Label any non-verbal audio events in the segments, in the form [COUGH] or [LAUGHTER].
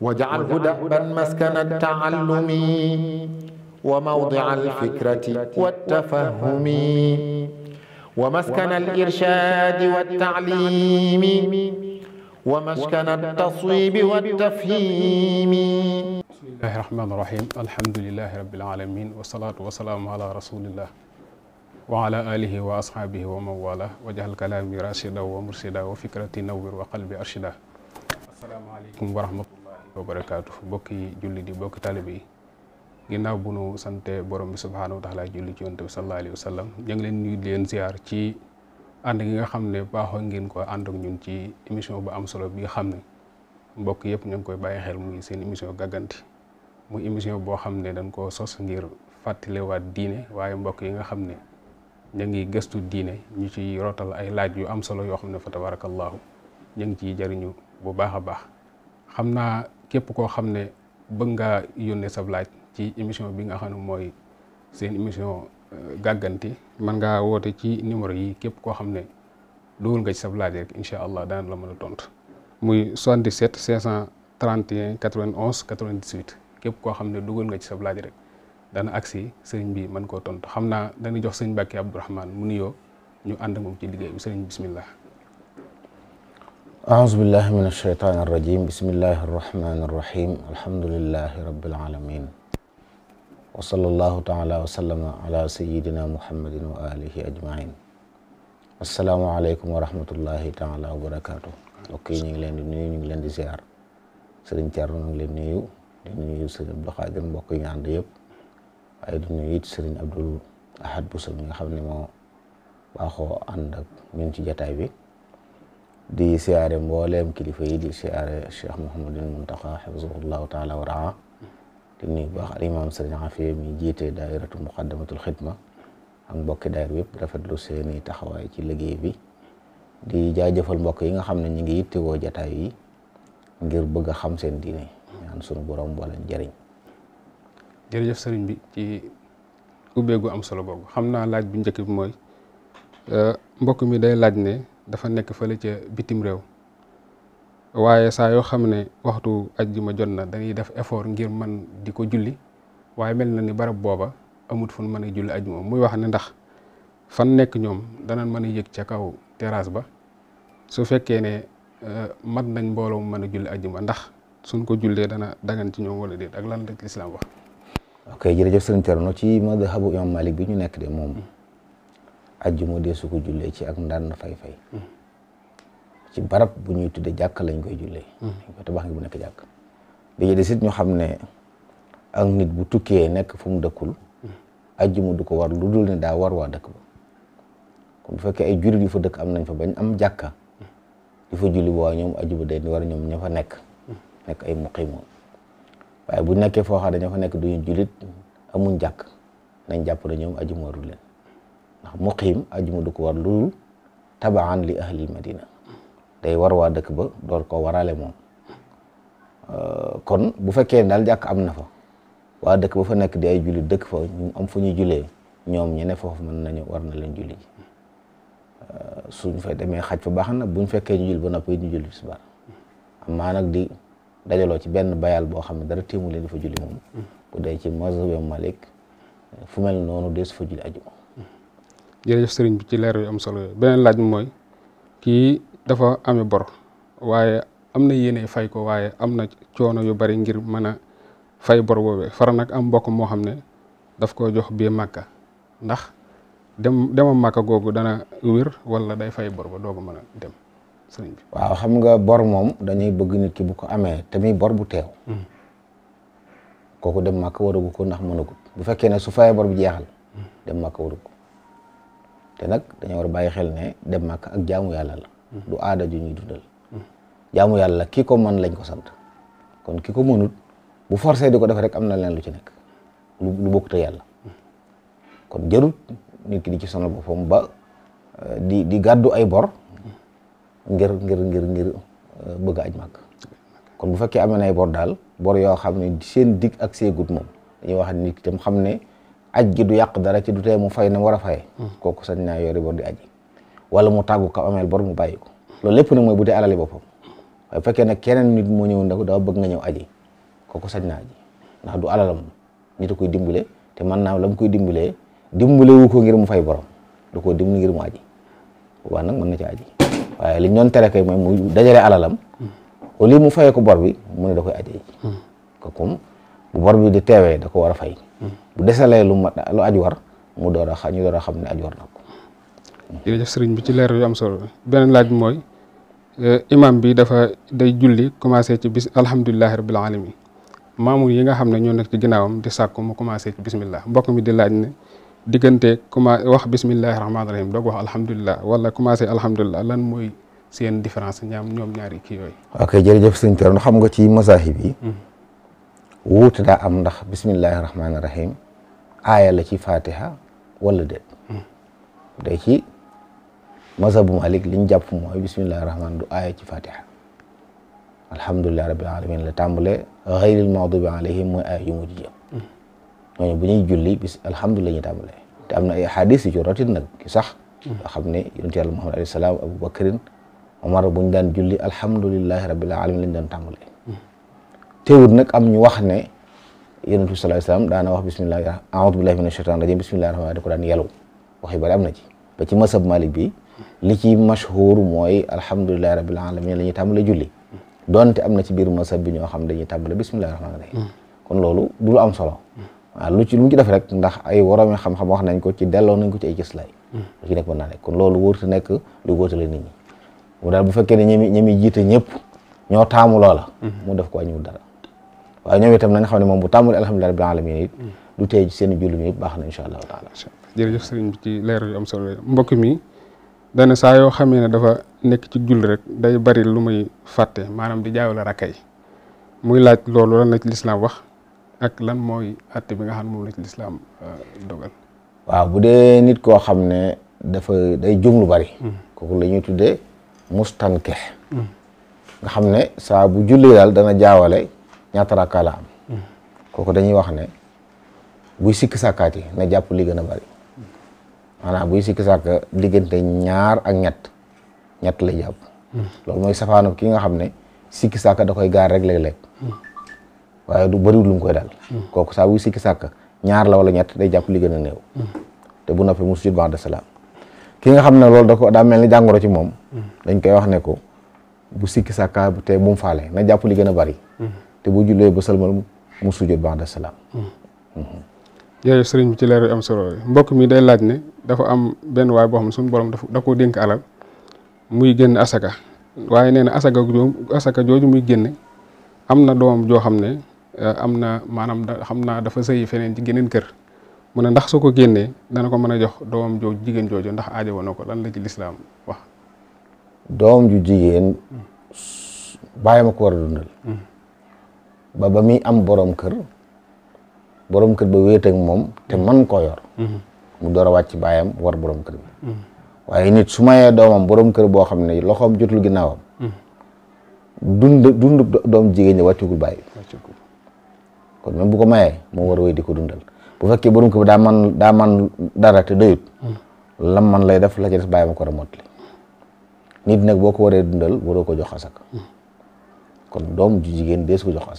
واجعله دأبا مسكن التعلم وموضع الفكرة والتفهم ومسكن الإرشاد والتعليم ومسكن التصويب والتفهيم بسم الله الرحمن الرحيم الحمد لله رب العالمين والصلاة والسلام على رسول الله وعلى آله وأصحابه ومن والاه وجعل كلامي راشدا ومرشدا وفكرتي نور وقلبي أرشدا السلام عليكم ورحمة wa barakaatu bokki julli di bokki taalibe yi ginnaaw bu nu sante borom bi subhaanahu wa taala julli ci yonte bi sallallahu alayhi wa sallam ñu leen nuyu di leen ziar ci ànd gi nga xam ne baaxoo ngeen ko ànd ak ñun ci émission bu am solo bi nga xam ne mbokk yëpp ñu ngi koy bàyyi xel muy seen émission gàgganti muy émission boo xam ne dañ koo sos ngir fàttalewaat diine waaye mbokk yi nga xam ne ñu ngi gëstu diine ñu ci rotal ay laaj yu am solo yoo xam ne fa tabaarakallaahu ñu ngi ciy jëriñu bu baax a baax képp koo xam ne bëgg nga yónnee sablaaj ci émission bi nga xam ne mooy seen émission euh, gàgganti man ngaa woote ci numéro yi képp koo xam ne dugal nga ci sa laaj rek incha allah daan la mën a tontu muy 77 531 91 98 képp koo xam ne dugal nga ci sa laaj rek dana agsi sëriñ bi mën koo tontu xam naa dañuy jox sëriñ Mbàkke Abdourahmane mu nuyoo ñu ànd ak moom ci liggéey bi bismillah أعوذ بالله من الشيطان الرجيم بسم الله الرحمن الرحيم الحمد لله رب العالمين وصلى الله تعالى وسلم على سيدنا محمد وآله أجمعين السلام عليكم ورحمة الله تعالى وبركاته ok ñu ngi leen di nuyu ñu ngi leen di ziar sëriñ Thierno ñu ngi leen di nuyu di nuyu sëriñ Abdou Khadir mbokk yi ñu ànd yëpp waaye di nuyu it sëriñ Abdoul Ahad Bousso mi nga xam ne moo baaxoo ànd ak ñun ci jataay bi di siyaare mbooleem kilifa yi di siyaare Cheikh Mouhamadul Muntaqa xafisahullahu taala wa raa di nuyu mi jiite daairatu muqaddamatul xidma am mbokki daayir yëpp rafetlu seeni taxawaay ci liggéey bi di jaajëfal mbokk yi nga xam ne ñu ngi yittewoo jataay yi ngir bëgg a xam seen diine borom wala njëriñ jërëjëf sëriñ bi ci ubbeegu am solo boobu xam naa laaj bu njëkk bi mooy euh, mbokk mi day laaj ne dafa nekk fële ca bitim réew waaye saa yoo xam ne waxtu ajjuma jot na dañuy def effort ngir man di ko julli waaye mel na ni barab booba amut fu mën a julli ajjuma muy wax ne ndax fan nekk ñoom danañ mën a yëg ca kaw terrasse ba su fekkee ne eh, mat nañ mbooloo man mën a julli ajjuma ndax suñ ko jullee dana dagan ci ñoom wala déet ak lan la lislaam wax ok jërëjëf sëriñ Thierno ci madhabu imam Malik bi ñu nekk de moom hmm. ajjuma dee su ko jullee ci ak ndànn fay-fay ci barab bu ñuy tudde jàkk lañ koy jullee ko bu nekk jàkk dañuy des xam ne ak nit bu tukkee nekk fu mu dëkkul ajjuma du ko war lu dul ne daa war waa dëkk ba kon bu fekkee ay jurit yu fa dëkk am nañ fa bañ am jàkka di fa julli bu waa ñoom ajjuma day war ñoom ña fa nekk nekk ay muqimoon waaye bu nekkee foo xam ne ña fa nekk du julit amuñ jàkk nañ jàpp ne ñoom ajjuma warul leen ndax muqiim ajuma du ko war lu tabaxan li ahlil madina day war waa dëkk ba door ko warale moom euh, kon bu fekkee daal jàkk am na fa waa dëkk ba fa nekk di ay julli dëkk fa ñu am fu ñuy jullee ñoom ñene foofu mën nañu war na leen juli ji euh, suñ fa demee xaj fa baax na buñ fekkee ñu julli ba noppi ñu julli tisbaar amaa nag di dajaloo ci benn bayal boo xam ne dara téemu leen di fa juli moom mm. bu dee ci mazhab Malik fu mel noonu dee su fa julli ajuma jërëjëf sëriñ bi ci leer yu am solo yooyu beneen laaj bi mooy kii dafa ame bor waaye am na yéene fay ko waaye am na coono yu bari ngir mën a fay bor boobee fara nag am mbokk moo xam ne daf ko jox bii màkka ndax dem dema màkka googu dana wér walla day fay bor ba doogu mën a dem sëriñ bi waaw xam nga bor moom dañuy bëgg nit ki bu ko amee te mi bor bu teew hmm. kooku dem màkka waragu ko ndax mënagut bu fekkee ne su fayee bor bu jeexal hmm. dem màkka waragu ko te nag dañoo war a bàyyi xel ne dem màkk ak jaamu yàlla la mm-hmm. du aada ju ñuy dundal mm-hmm. jaamu yàlla ki ko man lañ ko sant kon ki ko mënut bu forsee di ko def rek am na leen lu ci nekk lu bokkute yàlla mm-hmm. kon jarut nit ki di ci sonal boppam ba euh, di di gàddu ay bor ngir ngir ngir ngir euh, ay aj kon bu fekkee amee na ay bor daal bor yoo xam ne seen dig ak seegut moom dañuy wax nit ki tam xam ne aj gi du yàq dara ci du tee mu fay na mu war a fay. kooku sañ na yori bor di aji wala mu tàggu ko ameel bor mu bàyyi ko loolu lépp nag mooy bu dee alali boppam waaye bu fekkee nag keneen nit moo ñëw ndax daa bëgg nga ñëw aji kooku sañ naa aji ndax du alalam nit a koy dimbale te mën naa la mu koy dimbalee dimbale wu ko ngir mu fay boro du ko dimbali ngir mu aji waaw nag mën na ci aji waaye li ñu doon tere kay mooy mu dajale alalam au mu fay ko bor bi mu ne da koy aji. Hmm. kooku bu bor bi di teewee da ko war a fay. bu desalee lu mat lu aj war mu door xa ñu door a xam ne aj war na ko. jërëjëf sëriñ bi ci leer yu am solo beneen laaj bi mooy eh, imam bi dafa day julli commencé ci bis alhamdulilahi rabbil alamin maamu yi nga xam ne ñoo nekk ci ginnaawam di sàkku mu commencé ci bismillah mbokk mi di laaj ne diggante commencé wax bismillahi rahmaani rahim doog wax alhamdulilah wala commencé alhamdulilah lan mooy seen différence ñaam ñoom ñaari kii yooyu. ok jërëjëf sëriñ Thierno xam nga ci masaahib yi. Hmm. wuute daa am ndax bismillahi rahmaani rahim aaya la ci fatiha wala déet hmm. day ci mazhabu malik liñ jàpp mooy bismillahi rahmaani du aaya ci fatiha alhamdulillahi rabbil alamin la tàmbale xayril maghdubi alayhim mooy aaya mu mujj jëm hmm. ñooñu bu ñuy julli bis alhamdulilah ñu tàmbale te am na ay xadis yu ci nag ki sax hmm. nga xam ne yonent yàlla muhammad alayhi salaam abou bakrin omar buñ daan julli alhamdulillahi rabbil alamin lañ daan tàmbale teewut nag am ñu wax ne yonent bi sallallahu alayhi wasallam daana wax bismillahi a'udhu billahi minash shaitanir rajim bismillahi rahmani da ko daan yelu wax yu bari am na ci ba ci masab malik bi li ci mashhur mooy alhamdulillahi rabbil alamin la ñuy tàmbale julli donte am na ci biir masab bi ñoo xam dañuy tàmbale bismillahi rahmani rahim hmm. kon loolu du lu am solo hmm. waaw lu ci lu mu ci def rek ndax ay woromi xam-xam wax nañ ko ci delloo nañ ko ci ay gis lay hmm. lu ci nekk mën naa nekk kon loolu wóorta nekk lu wóotale nit ñi mu daal bu fekkee ne ñi ñi muy jiite ñëpp ñoo taamu loola mu def ko wàññiwul dara waaye ñoom itam nañ xam ne moom bu tàmmul alhamdulilah rabbil alamin it du tey seen julli mi baax na incha allahu taala jërëjëf sëriñ ci leer yu am solo mbokk mi dana saa yoo xamee ne dafa nekk ci julli rek day bari lu muy fàtte maanaam di jaawale rakkay yi muy laaj loolu lan la ci lislaam wax ak lan mooy atte bi nga xam ne moom la ci lislaam euh, dogal waaw bu dee nit koo xam ne dafa day jum lu bari hmm. kooku la ñuy tuddee mustanke hmm. nga xam ne saa bu julli daal dana jaawale ñaata rakka am. kooku dañuy wax ne buy sikk sàkkaati na jàpp li gën a bari maanaam buy sikk sàkk diggante ñaar ak ñett ñett lay jàpp. loolu mooy safaanu ki nga xam ne sikki sàkk da koy gaar rek léeg-léeg waaye du bëriwul lu koy daal kooku saa buy sàkk ñaar la wala ñett day jàpp li a néew te bu noppee mu sujud ba'da salaam ki nga xam ne loolu da ko daa mel ni jàngoro ci moom dañ koy wax ne ko bu sikki sàkka te bu mu faale na jàpp li gën a bari te bu jullee ba salmal mu sujjóot da salaam. Mm-hmm. jërëjëf sëriñ bi ci leer am solo mbokk mi day laaj ne dafa am benn waay boo xam ne suñu borom dafa da koo dénk alal muy génn asaka waaye nee na asaka jooju jooju muy génne am na doom joo xam ne eh, am na maanaam da xam naa dafa sëyi feneen ci kër mu ne ndax su ko génnee dana ko mën a jox doomam jooju jigéen joojo ndax aajowoo na ko lan la ci lislaam wax. doom ju jigéen bàyyi ma ko war a dundal. Mm-hmm. ba ba muy am borom kër borom kër ba wéet moom te man koo yor mm-hmm. mu door a wàcc baayam war borom kër bi mm-hmm. waaye nit su mayee doomam borom kër boo xam ne loxoom jotul ginnaawam mm-hmm. dund dund doom jigéen ñi wàccugul bàyyi kon même bu ko mayee moo war a di ko dundal bu fekkee borom kër bi daa man daa man dara te doyut lam man lay def la ci des bàyyi ko war a nit nag boo ko waree dundal waroo ko jox asaka kon doom jigéen dees ko jox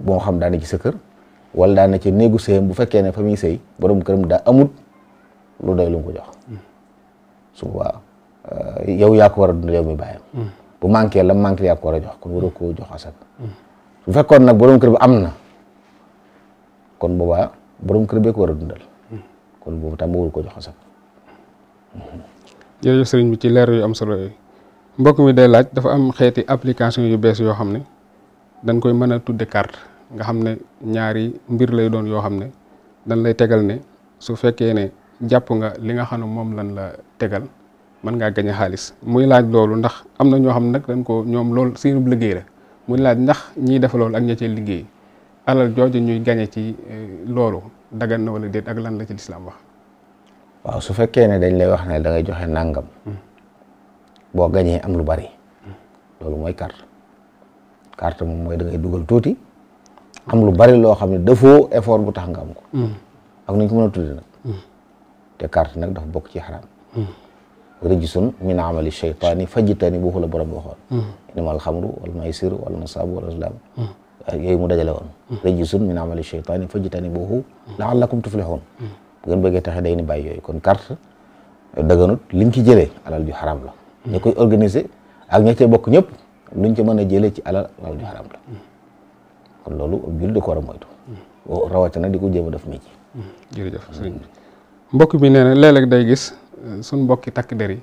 boo xam daana ci sa kër wala daana ci néegu sëyam bu fekkee ne fa muy sëy borom këram daa amut lu doy lu mu ko jox su boobaa euh, yow yaa ko war a dund yow mi bàyyam bu manqué la manqué yaa ko war a jox kon waroo koo jox asaka bu nag borom kër bi am na kon boobaa borom kër bee a dundal kon boobu tam warul ko jox asaka jërëjëf sëriñ bi ci leer yu am solo yooyu mbokk mi day laaj dafa am xeeti application yu bees yoo xam ne dañ koy mën a tudde carte nga xam ne ñaari mbir lay doon yoo xam ne dañ lay tegal ne su fekkee ne jàpp nga li nga xam ne moom lan la tegal mën ngaa gañe xaalis muy laaj loolu ndax am na ñoo xam ne nag dañ ko ñoom loolu seenub liggéey la muy laaj ndax ñiy def ak ña liggéey alal jooju ñuy gañe ci eh, loolu dagan na wala déet ak lan la ci lislaam wax waaw su fekkee ne dañ lay wax ne da joxe nàngam hmm. boo gañee am lu bari hmm. loolu mooy carte carte moom mooy dangay dugal tuuti am lu bari loo xam ne dafoo effort bu tax nga am ko. am mm. nu ñu ko mën a tuddee nag. Mm. te carte nag dafa bokk ci xaraam. Mm. rijsun min amali shaytaani fajtanibuhu la borom waxoon. innamal xamru wal maysiru wal ansaabu wal azlaam. yooyu mu dajale woon. rijsun min amali shaytaani fajtanibuhu laallakum tuflihun. bu ngeen bëggee taxe day ni bàyyi yooyu kon carte daganut liñ ci jëlee alal ju xaraam la. ña koy organiser ak ña cay bokk ñëpp luñ ca mën a jëlee ci alal alal ju la. kon loolu jul di ko war a moytu. rawatina di ko jéem a def métier. bi mbokk bi nee na léeg-léeg day gis eh, suñ mbokki takk der yi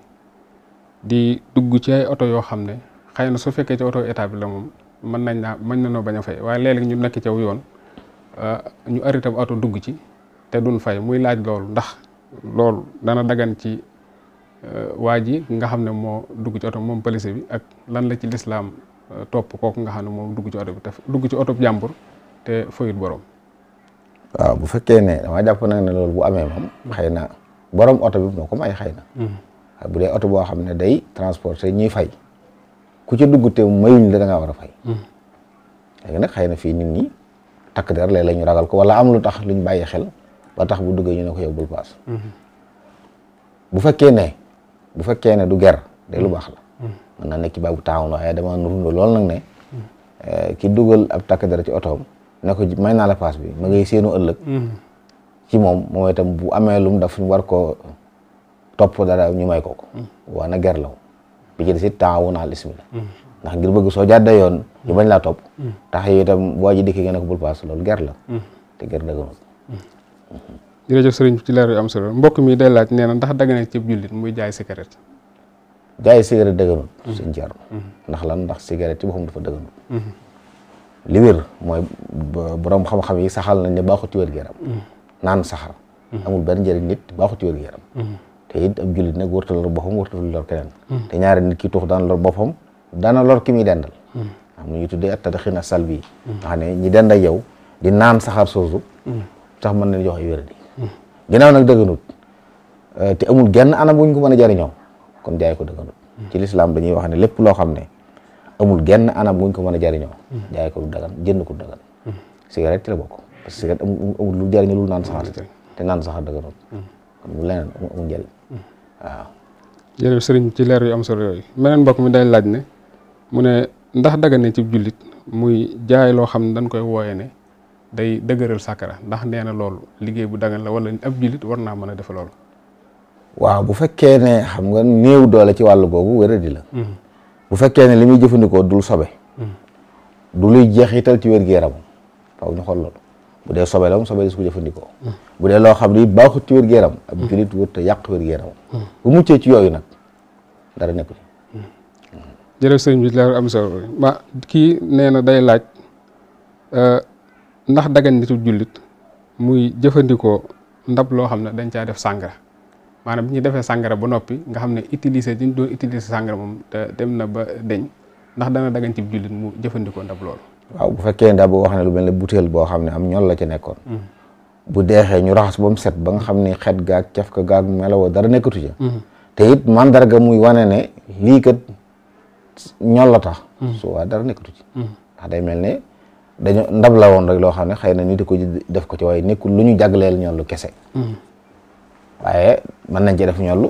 di dugg ci ay oto yoo xam ne xëy na su fekkee ci oto état bi la moom mën nañ naa mën nañoo bañ a fay waaye léeg-léeg ñu nekk ci aw yoon eh, ñu arrêté bu oto dugg ci te duñ fay muy laaj loolu ndax loolu dana dagan ci eh, waa ji nga xam ne moo dugg ci oto moom police bi ak lan la ci lislaam topp kooku nga xam ne moom dugg ci oto bi te dugg ci oto bi te fayut borom. bu fekkee ne dama jàpp nag ne loolu bu amee moom xëy na borom oto bi moo ko may xëy na. Hmm. bu dee oto boo xam ne day transporter ñuy fay ku ci dugg te mayuñ la da ngaa war a fay. Hmm. léegi nag xëy na fii nit ñi takk der léeg la ñu ragal ko wala am lu tax luñ bàyyi xel ba tax bu duggee ñu ne ko yow bul paas. Hmm. bu fekkee ne bu fekkee ne du ger de lu baax la. mën naa nekk ci baabu taawun waaye dama nurundoo lool nag ne eh, ki dugal ab takk dara ci otoom ne ko may naa la paas bi ma ngay seenu ëllëg mm-hmm. ci moom moom itam bu amee lum daf war koo topp dara ñu may ko ko mm-hmm. waa na gerlaw bi ci des it taawun al ismi la ngir bëgg soo jàdda yoon ñu bañ la topp mm-hmm. tax yow itam boo ji dikki nga ne ko bul paas loolu ger la te ger dëgganul jërëjëf sëriñ ci leer yu am solo mbokk mi day laaj nee na ndax dagg na ci jullit muy jaay cigarette dëgganul sëñ Thierno mm-hmm. ndax lan ndax cigarette ci boppam dafa dëgganul mm-hmm. li wér mooy borom xam-xam yi saxaal nañ ne baaxut ci wér gu mm-hmm. naan saxar amul benn njëriñ nit baaxut ci wér gu te it ab jullit nag warta lor boppam warta lor keneen te ñaari nit ki tuux daan lor ki muy am na ñu tuddee attadxin salbi nga xam ne ñi dend ak yow naan saxar soosu sax mën nañ jox ay wér di ginnaaw genn anam buñ ko mën a jariñoo kon jaay ko dëkkandoo. ci lislaam dañuy wax ne lépp loo xam ne amul genn anam buñ ko mën a jariñoo. jaay ko du dagan jënd ko du dagan. cigarette ci parce que cigarette lu jariñoo lu naan saxar te naan saxar dëkkandoo. kon mu leneen sëriñ ci leer yu am solo yooyu meneen mbokk mi day laaj ne mu ne ndax dagan ne ci jullit muy jaay loo xam ne dañ koy wooye ne day dëgërël sàkkara ndax nee na loolu liggéey bu dagan la wala ab jullit war naa mën a def loolu. waaw bu fekkee ne xam nga néew doole ci wàllu googu wéradi la hmm. bu fekkee ne li muy jëfandikoo dul sobe hmm. du luy jeexital ci wér-gu-yaramam faw ñu xool loolu bu dee sobe la mu sobe des ko jëfandikoo hmm. bu dee loo xam ne baaxut ci wér-gu-yaram ab te yàq wér-gu-yaramam bu muccee ci yooyu nag dara nekku ci jërëjëf sëriñ bi leer am solo ma kii nee na day laaj euh, ndax dagan nitu jullit muy jëfandikoo ndab loo xam ne dañ caa def sàngara maanaam bi ñu defee sàngara ba noppi nga xam ne utiliser diñ doon utiliser sàngara moom dem na ba deñ ndax dana dagan ci jullit mu jëfandikoo ndab loolu waaw bu fekkee ndab boo wax ne lu mel ne butéel boo xam ne am ñol la ci nekkoon mm-hmm. bu deexee ñu raxas ba set ba xam ni xet gaag caf ka gaag melawoo dara nekkatu ca mm-hmm. te it mandarga muy wane ne lii kat ñol la tax mm-hmm. soo waa dara nekkatu ci ndax day mel ne dañu ndab la woon rek loo xam ne xëy na nit di def ko ci waaye nekkul lu ñu jagleel ñol lu kese waaye mën nañ cee def ñollu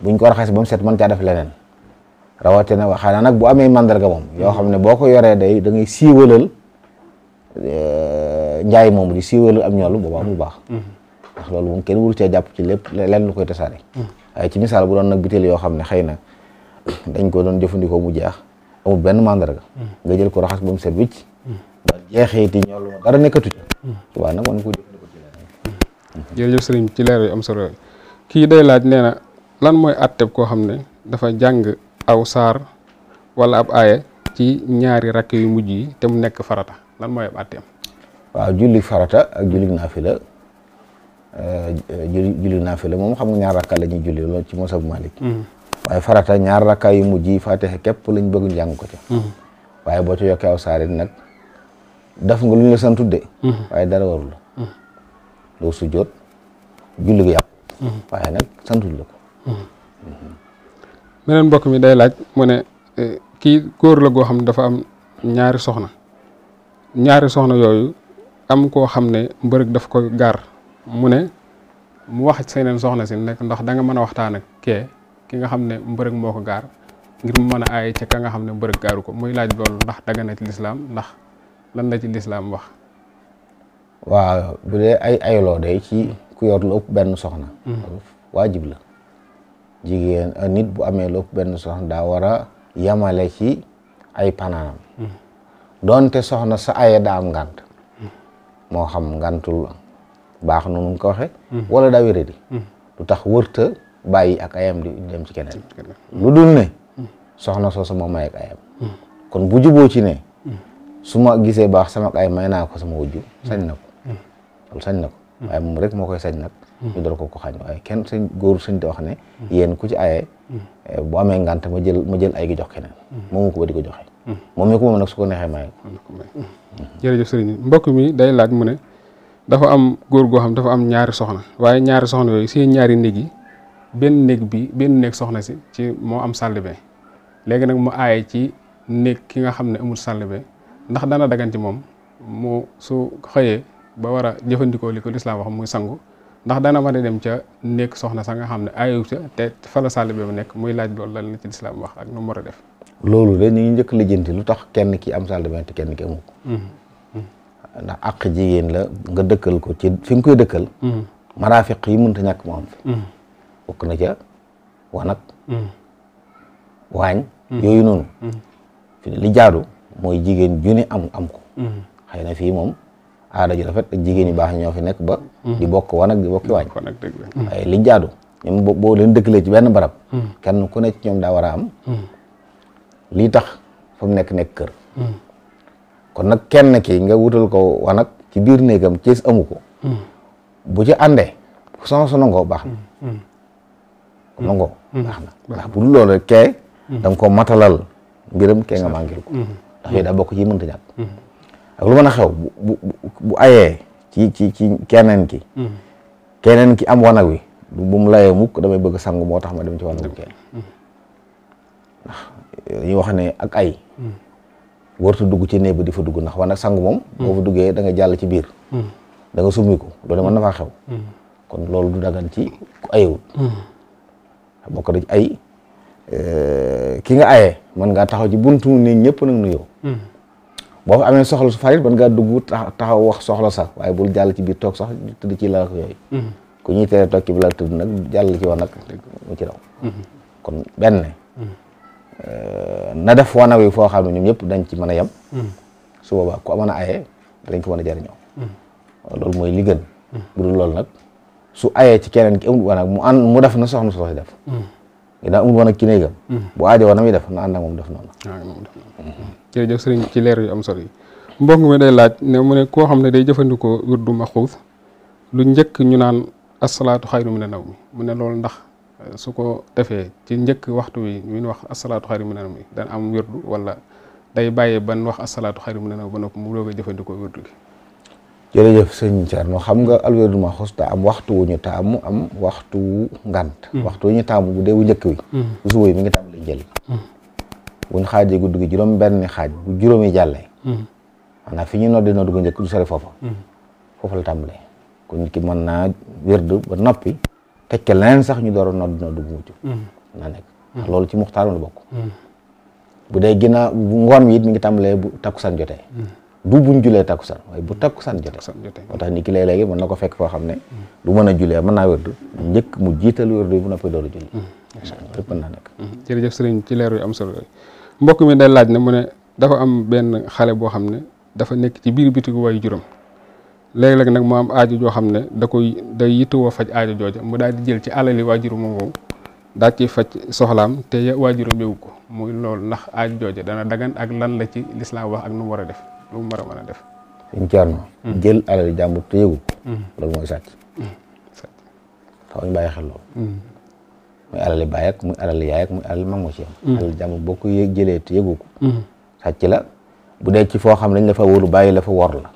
buñ ko raxas ba mu set mën caa def leneen rawatina wa xanaa nag bu amee màndarga moom yoo xam ne boo ko yoree day dangay ngay siiwalal euh, njaay moom di siiwalal am ñollu boobaa mu baax mm-hmm. ndax loolu moom kenn wuru cee jàpp ci lépp lenn lu koy tasaare mm-hmm. waaye ci misaal bu doon nag bitéel yoo xam ne xëy na [COUGHS] dañ ko doon jëfandikoo mu jeex amul benn mandarga mm-hmm. nga jël ko raxas ba mu set wicc ba jeexee ti ñollu dara nekkatu ci waaw nag jërëjëf sëriñ ci leer yu am solo kii day laaj nee na lan mooy àtteb koo xam ne dafa jàng aw saar wala ab aaya ci ñaari rakk yu mujj yi te mu nekk farata lan mooy ab àtteem waaw julli farata ak julli naafila julli julli naafila moom xam ñaar rakka la ñuy julli loolu ci mosab Malik hmm. waaye farata ñaar rakka yu mujj yi fatiha képp lañ bëgg njàng ko ca hmm. waaye boo ci yokkee aw saar it nag daf nga lu ñu la hmm. waaye dara warul doo sujjóot julli gi yàqu waaye nag santuñ la ko beneen mbokk mi day laaj mu ne eh, kii góor la goo xam ne dafa am ñaari soxna ñaari soxna yooyu am koo xam ne mbërëg daf ko gaar mu ne mu wax seeneen soxna si nekk ndax da nga mën a waxtaan a ke ki nga xam ne mbërëg moo ko gaar ngir mu mën a aaye ca ka nga xam ne mbërëg gaaru ko muy laaj loolu ndax daga na ci lislaam ndax lan la ci lislaam wax waaw bu dee ay ayoloo day ci ku yor lu ëpp benn soxna. Hmm. waajib la jigéen euh, nit bu amee lu ëpp benn soxna daa war a yamale ci ay panaanam. Hmm. doonte soxna sa aye daa am ngant. moo xam ngantul baax na nu ko waxe hmm. wala daa tax wërta bàyyi ak ayam di dem ci keneen. lu dul ne. soxna soosu moo may ak ayam. kon bu juboo ci ne. su ma gisee baax sama ay may naa ko sama wujju sañ na ko. loolu sañ na ko hmm. waaye moom rek moo koy sañ nag hmm. ñu ko ko xañ waaye kenn sëñ góor sëñ te hmm. yéen ku ci aye eh, bu amee ngànt ma jël ma jël ay gi jox keneen moomu ko ba di ko joxe moom mi ko moom nag su ko jërëjëf sëriñ mbokk mi day laaj mu ne dafa am góor goo xam dafa am ñaari soxna waaye ñaari soxna yooyu seen ñaari néeg yi benn néeg bi benn néeg soxna si ci moo am salle de léegi nag mu aaye ci néeg ki nga xam ne amul salle ndax daana dagan ci moom mu su xëyee ba war a jëfandikoo li ko lislaam wax muy sangu ndax dana man a dem ca nekk soxna sa nga xam ne ayu ca te fa la bi nekk muy laaj loolu la ci lislaam wax ak nu mu war a def. loolu de ñu ngi njëkk lijjanti lu tax kenn ki am salle de bain kenn ki amu mm-hmm. Mm-hmm. ndax àq jigéen la nga dëkkal ko ci fi nga koy dëkkal. Mm-hmm. maraafiq yi mënta ñàkk mu am fi. bokk na ca wanag. waañ. yooyu noonu. fi li jaadu mooy jigéen ju ne am am ko. xëy na fii moom. aada ju rafet ak jigéen yu baax ñoo fi nekk ba mm-hmm. di bokk wan ak di bokki waañ waaye li jaadu ñoom boo leen ci benn barab mm-hmm. kenn ku ne ci ñoom mm-hmm. tax fa nekk nekk kër kon nag kenn ki nga wutal ko wan ci biir néegam cees amu ko bu ci àndee son su nangoo baax na nangoo baax na bu dul loolu kee da ko matalal mbiram kee nga ko ndax yooyu daa bokk ci mënta ñàkk ak lu mën a xew bu bu bu ci ci ci keneen ki. Hmm. keneen ki am wanag wi bu mu layee mukk damay bëgg sangu moo tax ma dem ci wanagu kenn. Hmm. ndax dañuy eh, wax ne ak ay. Hmm. wartu dugg ci ne bi di fa dugg ndax wanag sangu moom. boo fa duggee da nga jàll ci biir. da nga summiku loolu mën na faa loolu du dagan ci ku ayewut. bokk eh, ki nga ayee mën nga taxaw ci buntu nit ñëpp nag nuyoo. boo fa amee soxla su farit ban ngaa dugg taxaw wax soxla sa waaye bul jàll ci biir toog sa tëdd ci la laax yooy ku ñuy tere toog ci bi lal tëdd nag jàll ci woon nag mu ci raw mm-hmm. kon benn mm-hmm. euh, na def wana wi foo xam ne ñoom ñëpp dañ ci mën a yem mm-hmm. su boobaa ku mën a aye dañ ko mën a jariñoo loolu mooy li bu dul loolu nag su ayee ci keneen ki amul mu an mu def na soxna soxla si idan amul wana ak ki ne gëm hmm. bu aajowoo na muy def na ànd ak moom def noonu jërëjëf sëriñ ci leer yu am solo yi mbokk mi day laaj ne mu ne koo xam ne day jëfandikoo wirdu maxuus lu njëkk ñu naan asalaatu xayru mina naw mi mu ne loolu ndax eh, su ko defee ci njëkk waxtu wi min wax asalaatu xayru mina naw mi dana am wirdu wala day bàyyee ban wax asalaatu xayru mina naw ba noppi mu doog a jëfandikoo wirdu gi jërëjëf sëñ Thierno xam nga alwérduma xus daa am waxtu wu ñu taamu am waxtu wu ngànt mm. waxtu wu ñu taamu bu dee wu njëkk wi mm. suba yi mi ngi tàmm la jël mm. bu ñu xaajee guddi gi juróom benn xaaj bu juróomi fi ñu noddi nodd gu njëkk du sore foofa foofu la tàmbalee kon ba noppi teg ca leneen sax ñu door a nodd loolu ci muxtaar la bokk bu dee gina bu ngoon wi it mi ngi tàmbalee bu takkusaan jotee du buñ julee takkusaan waaye bu takkusaan jote moo tax nit ki léeg-léegi mën na ko fekk foo xam ne du mën a julee mën naa wérdu njëkk mu jiital wérdu yi bu noppee door a julli mm-hmm. lépp mën naa mm-hmm. jërëjëf sëriñ ci leer am solo yooyu mbokk mi day laaj ne mu ne dafa am benn xale boo xam ne dafa nekk ci biir bitigu waayu juróom léeg-léeg nag mu am aajo joo xam ne da koy day yittewoo faj aajo jooja mu daal di jël ci alali waajuram moom daal ciy faj soxlaam te waajuram yëgu ko muy loolu ndax aajo jooja dana dagan ak lan la ci lislaam wax ak nu war a def lu mu war a mën a def. suñ ceerno mm. jël alal jàmbur te yëgu ko. Mm. loolu mooy sàcc. xaw mm. ñu bàyyi xel loolu. muy alali baay ak muy alali yaay ak muy alali ci am. alal jàmbur boo ko jëlee te yëgu la bu dee ci foo xam ne dañ la fa wóolu bàyyi la fa wor la.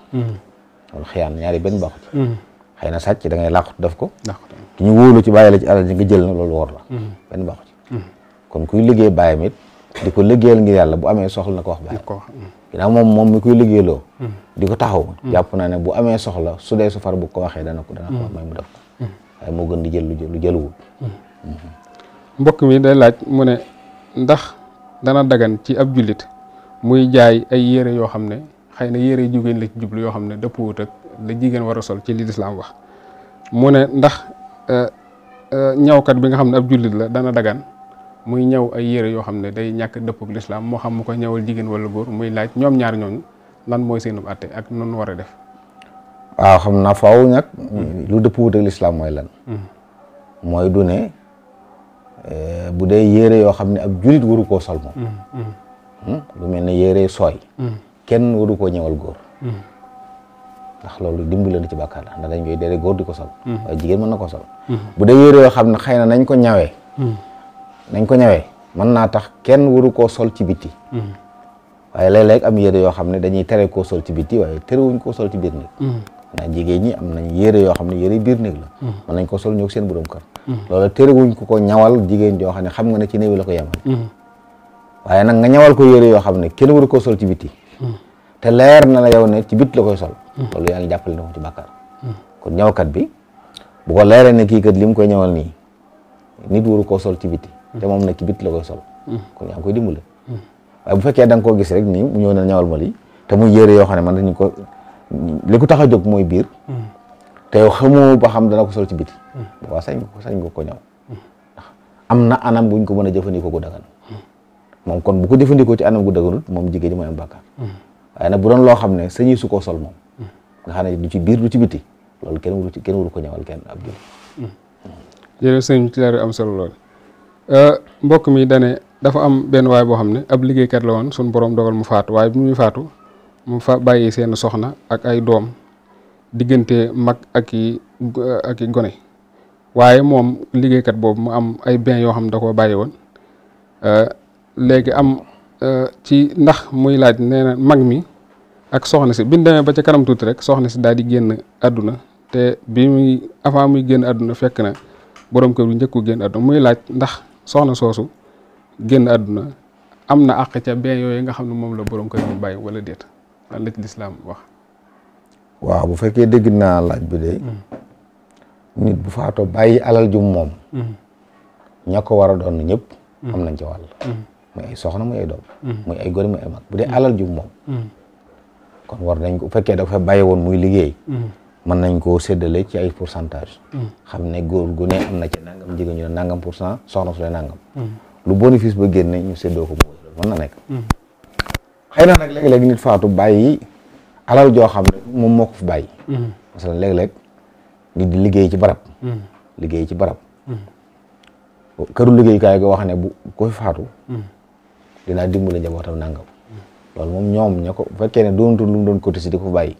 loolu xiyaan ñaari benn baaxut ci. xëy na sàcc da ngay def ko. ki ñu wóolu ci bàyyi la ci alal ji nga jël na loolu wor la. benn baaxut ci. kon kuy liggéey bàyyam it di ko liggéeyal ngir yàlla bu amee soxla na ko wax ginnaaw moom moom mi koy liggéeyloo hmm. di ko taxaw hmm. jàpp naa ne bu amee soxla su dee su far bu ko waxee dana ko dana ko hmm. may mu def ko moo gën di jël lu jëluwul mbokk mi day laaj mu ne ndax dana dagan ci ab jullit muy jaay ay yére yoo xam ne xëy na yére jigéen la ci jublu yoo xam ne dëpp wut ak la jigéen war a sol ci li lislaam wax mu ne ndax eh, eh, ñawkat bi nga xam ne ab jullit la dana dagan muy ñëw ay yére yoo xam ne day ñàkk dëpp ak lislaam moo xam mu koy ñëwal jigéen wala góor muy laaj ñoom ñaar ñooñu lan mooy seenu seenub àtte ak nun war a def waaw xam na faaw nag hmm. lu dëpp wut ak lislaam mooy lan hmm. mooy du ne eh, bu dee yére yoo xam ne ab julit waru koo sol moom hmm. lu mel ne yére sooy kenn waru koo ñëwal góor ndax loolu dimbali na ci bàkkaar la ndax dañ koy dere góor di ko sol waaye jigéen mën na ko sol bu dee yére yoo xam ne xëy na nañ ko ñawee nañ ko ñëwee mën naa tax kenn waru koo sol ci biti mm-hmm. waaye léeg-léeg am yére yoo xam ne dañuy tere koo sol ci biti waaye terewuñ koo sol ci biir néeg mm-hmm. jigéen ñi am nañ yére yoo xam ne yére biir néeg la mm-hmm. mën nañ ko sol ñëw seen borom kër loolu terewuñ ko ko ñawal jigéen joo xam ne xam nga ne ci néew la ko yemal waaye nag nga ñawal ko yére yoo xam ne kenn waru koo sol ci te leer na la yow ne ci bit la koy sol loolu yaa ngi jàppale na ko ci bàkkaar kon ñawkat bi bu ko leeree ne kii kat li mu koy ñawal nii nit waru ko sol ci te moom nag ci bit la koy sol. Hmm. kon yaa ngi koy dimbale. Hmm. waaye bu fekkee da nga koo gis rek nii mu ñëw na ñawal ma lii te yoo xam ne man dañu ko li ko tax a jóg mooy biir. Hmm. te yow xamoo ba xam dana ko sol ci biti. waaw sañ ko sañ nga ko ñaw. am na buñ ko mën a jëfandikoo gu dagan. moom kon bu ci anam gu daganul moom jigéen ñi mooy am bàkkaar. bu doon loo xam ne sañuy su koo sol moom. nga xam ne du ci biir du ci ci kenn wuru ko ñawal kenn ab jël. jërëjëf sëñ bi ci Euh, mbokk mi dane dafa am benn waay boo xam ne ab liggéeykat la woon suñ borom dogal mu faatu waaye bu muy faatu mu fa bàyyi seen soxna ak ay doom diggante mag ak i ak gone waaye moom liggéeykat boobu mu am ay biens yoo xam ne da bàyyi woon euh, léegi am euh, ci ndax muy laaj nee na mag mi ak soxna si biñ demee ba ca kanam tuuti rek soxna si daal di génn àdduna te bi muy avant muy génn àdduna fekk na borom kër bu njëkku génn àdduna muy laaj ndax soxna soosu génn àdduna am na àq ca benn yooyu nga xam ne moom la borom kër bi bàyyi wala déet lan la ci wax. waaw bu fekkee dégg naa laaj bi de. Hmm. nit bu faatoo bàyyi alal ju moom. Hmm. ña ko doon ñëpp. Hmm. am nañ ci wàll. muy ay soxna muy ay doom. muy ay gone muy ay mag bu dee alal ju moom. kon war nañ ko bu fekkee bàyyi woon muy liggéey. mën nañ ko séddale ci ay pourcentage hmm. xam ne góor gu ne am na ce nangam jigéen ñu ne nangam pour cent soxna su ne nangam hmm. lu bénéfice ba génne ñu séddoo ko boobu mën na nekk hmm. xëy na nag léeg-léeg nit faatu bàyyi alal joo xam ne moom moo ko fi bàyyi parce que léeg nit liggéey ci barab liggéey ci barab këru liggéeyukaay go wax ne bu koy fi faatu dinaa dimbale njabootam nangam loolu moom ñoom ña fekkee ne doontul lu mu doon cotiser di ko fa bàyyi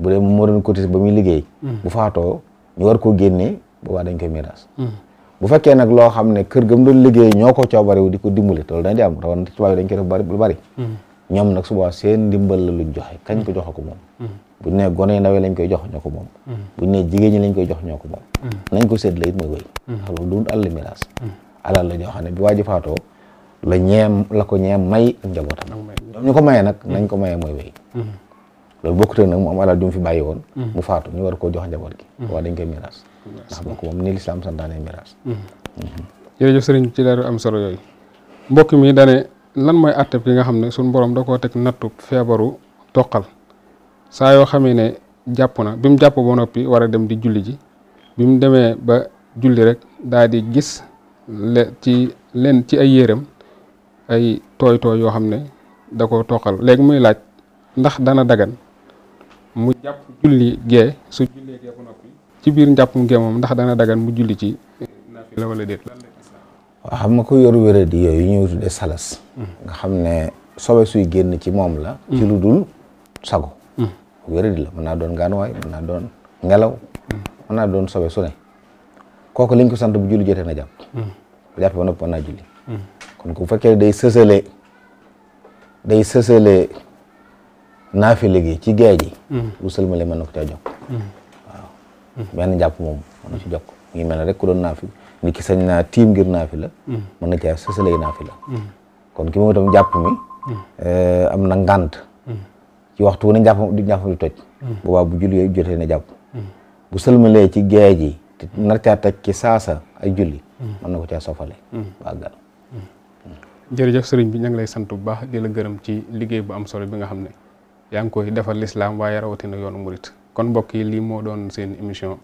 bu dee moo doon cotiser ba muy liggéey. Hmm. bu faatoo ñu war koo génnee boobaa dañ koy miiras. Hmm. bu fekkee nag loo xam ne kër ga mu doon liggéey ñoo ko coobarewu di ko dimbali te loolu dañ di am rawatina ci tubaab yi dañ koy def bari lu bari. Hmm. ñoom nag suba seen ndimbal la luñ joxe kañ ko joxe ko moom. buñ ne gone yu ndaw lañ koy jox ñoo ko moom. buñ ne jigéen ñoo ko moom. nañ ko séddale it mooy wéy. loolu bokkut ak nag mu am alal du mu woon mm-hmm. mu faatu ñu war koo jox njaboot gi mm-hmm. waaw dañ koy miraas ndax bokk moom ni lislaam santaane miraas mm-hmm. jërëjëf sëriñ ci leeru am solo yooyu mbokk mi dane lan mooy àtte bi nga xam ne suñu borom da koo teg nattu feebaru toqal saa yoo xamee ne jàpp na bi mu jàpp ba noppi war a dem di julli ji bi mu demee ba julli rek daal di gis le ci leen ci ay yéeram ay tooy tooy yoo xam ne da ko toqal léegi muy laaj ndax dana dagan mu jàpp julli gee su ci biir njàppum gee moom ndax dana dagan mu julli ci naafila wala déet xam nga ko yor wéradi yooyu salas hmm. nga xam ne sobe suy génn ci moom la ci hmm. lu dul sago hmm. di la mën naa doon gaanuwaay mën naa doon ngelaw mën naa doon sobe su ne kooku liñ ko sant bu julli jotee na jàpp bu jàpp ba julli kon ku fekkee day sësale day sësale naafile gi ci géej gi. bu mm. sëlmale mën na ko ca jokk. Mm. waaw mm. benn jàpp moom mën na ci jokk mu ngi mel ni ki sañ naa tiim ngir naafi la. mën na caa sësalay naafi la. kon ki moom itam jàpp mi. Eh, am na ngànt. ci waxtu wu ne jàpp di jàpp di toj. jotee na jàpp. bu sëlmalee ci géej gi te nar caa teg ci saasa ay julli. mën na ko caa sofale. waaw jërëjëf sëriñ bi ñu ngi lay sant bu baax di la gërëm ci liggéey bu am solo bi nga xam ne. yaa ngi defal lislaam waaye rawatina yoonu murit kon mbokk yi lii moo doon seen émission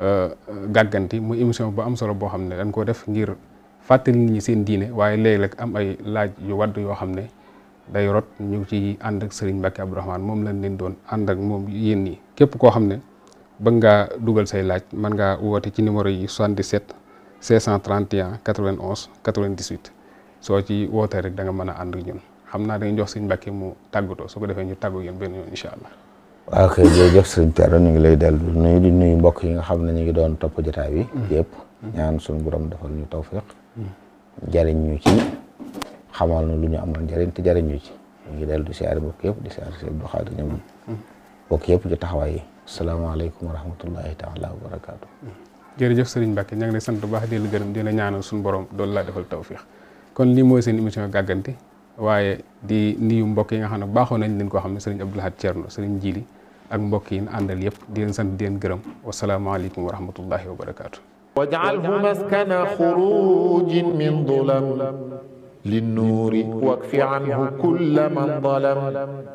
euh, euh, gàgganti muy émission bu am solo boo xam ne dañ ko def ngir fàttali nit ñi seen diine waaye léeg am ay laaj yu wadd yoo xam ne day rot ñu ngi ciy ànd ak Serigne Mbacke Abdourahmane moom lañ leen doon ànd ak moom yéen ñi képp koo xam ne bëgg ngaa dugal say laaj mën ngaa woote ci numéro yi 77 631 91 soo ci wootee rek da nga mën a ànd ñun. am na dañuy jox sëñ Mbàkke mu tàggatoo su ko defee ñu tàggu yéen benn yoon incha allah. waaw kay jërëjëf sëñ Thierno ñu ngi lay dellu nuyu di nuyu mbokk yi nga xam ne ñu ngi doon topp jotaay bi. Mm-hmm. yëpp ñaan suñu borom defal ñu tawfiq mm-hmm. jariñ ñu ci xamal na lu ñu amal njëriñ jariñ ñu ci ñu ngi dellu di siyaare mbokk yëpp di siyaare sëñ Abdou Khadre ñoom mm-hmm. mbokk yëpp ci taxawaay salaamaaleykum wa rahmatullahi taala wa barakaatu. jërëjëf sëriñ Mbacke ña ngi lay sant bu baax di la gërëm di suñu borom doolu laa defal tawfiq kon lii mooy seen émission gàggante waaye di nuyu mbokk yi nga xam ne baaxoo nañ leen koo xam ne sëriñ Abdou Lahad Thierno sëriñ Jili ak mbokk yi àndal yëpp di leen sant di leen gërëm wasalaamaaleykum wa rahmatullahi wa barakaatu. waj'alhu maskana xurujin min dulam linnuuri wakfi anhu kulla man dalam